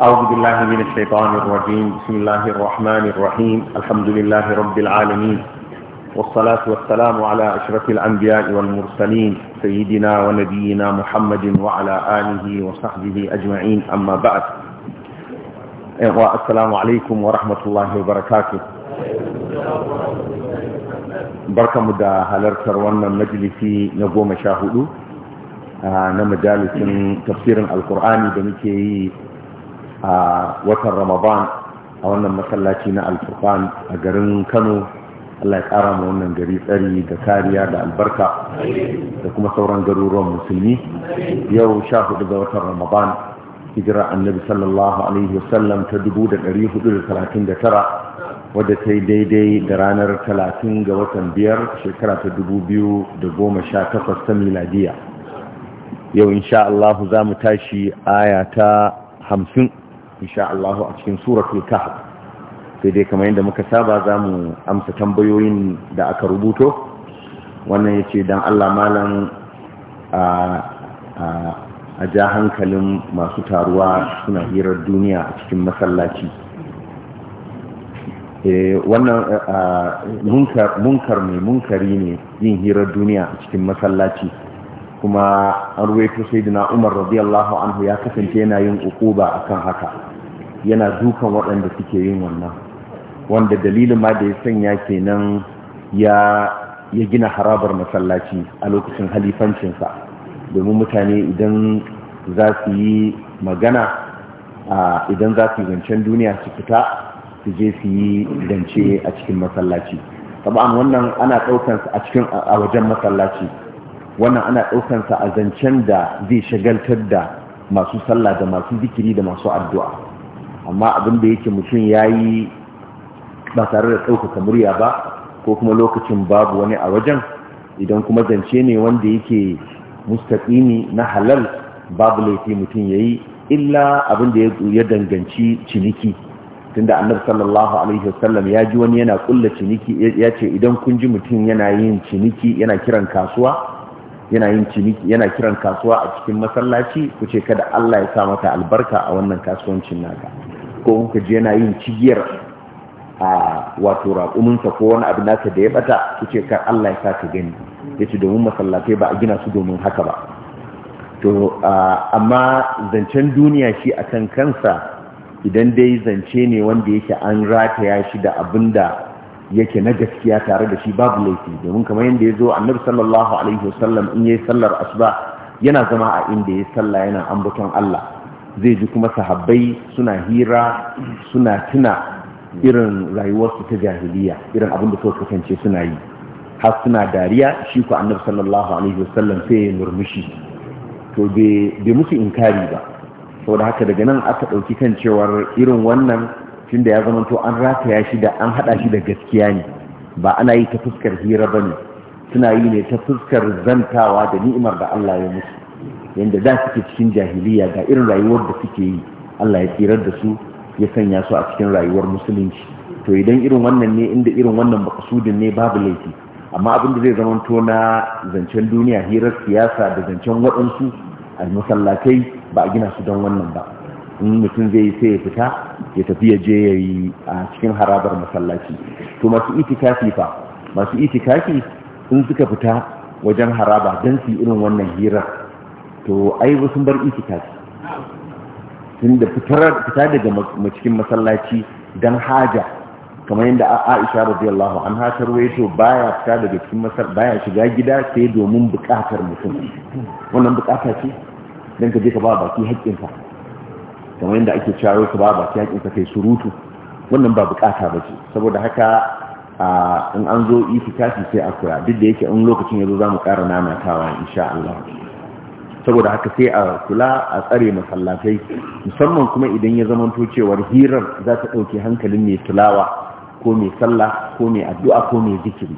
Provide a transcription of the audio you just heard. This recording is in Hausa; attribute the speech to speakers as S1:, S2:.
S1: أعوذ بالله من الشيطان الرجيم بسم الله الرحمن الرحيم الحمد لله رب العالمين والصلاة والسلام على أشرف الأنبياء والمرسلين سيدنا ونبينا محمد وعلى آله وصحبه أجمعين أما بعد السلام عليكم ورحمة الله وبركاته بركة مدى هلركر وانا مجلسي نقوم شاهدو آه، نمجالس تفسير القرآن بمكيه a watan ramadan a wannan masallaci na alfurkan a garin kano allah ya kara wannan gari tsari da kariya da albarka da kuma sauran garuruwan musulmi yau sha hudu ga watan ramadan hijira annabi sallallahu alaihi wasallam ta 439 wadda ta yi daidai da ranar talatin ga watan biyar shekara ta da goma sha takwas ta miladiya yau insha za mu tashi aya ta hamsin. insha Allah a cikin suratul kahf sai dai kamar yadda muka saba zamu amsa tambayoyin da aka rubuto wannan yace dan Allah malam a ja hankalin masu taruwa suna hirar duniya a cikin masallaci eh, wannan munkar mai munkari ne yin hirar duniya a cikin masallaci kuma an ruwaito sayyidina Umar radiyallahu anhu ya kasance yana yin ukuba akan haka yana dukan waɗanda suke yin wannan wanda dalilin ma da ya sanya kenan ya ya gina harabar masallaci a lokacin halifancinsa domin mutane idan za su yi magana idan za su yi zancen duniya su fita su je su yi zance a cikin masallaci taba'an wannan ana ɗaukansa a cikin a wajen masallaci wannan ana ɗaukansa a zancen da zai shagaltar da masu sallah da masu zikiri da masu addu'a amma abin da yake mutum ya yi ba tare da ɗaukaka murya ba ko kuma lokacin babu wani a wajen idan kuma zance ne wanda yake mustaƙini na halal babu laifi mutum ya yi illa abin da ya danganci ciniki tunda annabi sallallahu alaihi wasallam ya ji wani yana kulla ciniki ya ce idan kun ji mutum yana yin ciniki yana kiran kasuwa yana yin ciniki yana kiran kasuwa a cikin masallaci ku ce kada Allah ya sa mata albarka a wannan kasuwancin naka ko kuka je yana yin cigiyar a wato raƙuminsa ko wani abu naka da ya bata ku ce kar Allah ya sa ka gani yace domin masallatai ba a gina su domin haka ba to amma zancen duniya shi akan kansa idan dai zance ne wanda yake an rataya shi da abinda yake na gaskiya tare da shi babu laifi domin kamar yadda ya zo annabi sallallahu alaihi wasallam in yayi sallar asuba yana zama a inda ya sallah yana ambaton Allah zai ji kuma sahabbai suna hira suna tuna irin rayuwarsu ta jahiliya irin abin da suka kasance suna yi har suna dariya shi ku annabi sallallahu alaihi wasallam sai ya murmushi to bai musu inkari ba saboda haka daga nan aka ɗauki kan cewar irin wannan da ya zama to an rataya shi da an hada shi da gaskiya ne ba ana yi ta fuskar hira ba ne suna yi ne ta fuskar zantawa da ni'imar da Allah ya musu yanda da suke cikin jahiliya ga irin rayuwar da suke yi Allah ya tsirar da su ya sanya su a cikin rayuwar musulunci to idan irin wannan ne inda irin wannan makasudin ne babu laifi amma abin da zai zama to na zancen duniya hirar siyasa da zancen waɗansu a masallatai ba a gina su don wannan ba in mutum zai yi sai ya fita ya tafi ya je ya yi a cikin harabar masallaci to masu itikafi fa masu itikafi in suka fita wajen haraba don su irin wannan hirar to ai sun bar itikafi tun da fita daga cikin masallaci don haja kamar yadda Aisha radiyallahu hatar wai to baya fita daga cikin masar baya shiga gida sai domin bukatar mutum wannan bukata ce don ka je ka ba baki haƙƙinka kamar yadda ake caro su ba ba ta yakin kai surutu wannan ba bukata ba ce saboda haka in an zo fitafi sai a kura duk da yake in lokacin ya zo za mu ƙara nanatawa insha Allah saboda haka sai a kula a tsare masallatai musamman kuma idan ya zamanto cewar hirar za ta ɗauke hankalin mai tulawa ko mai sallah ko mai addu'a ko mai zikiri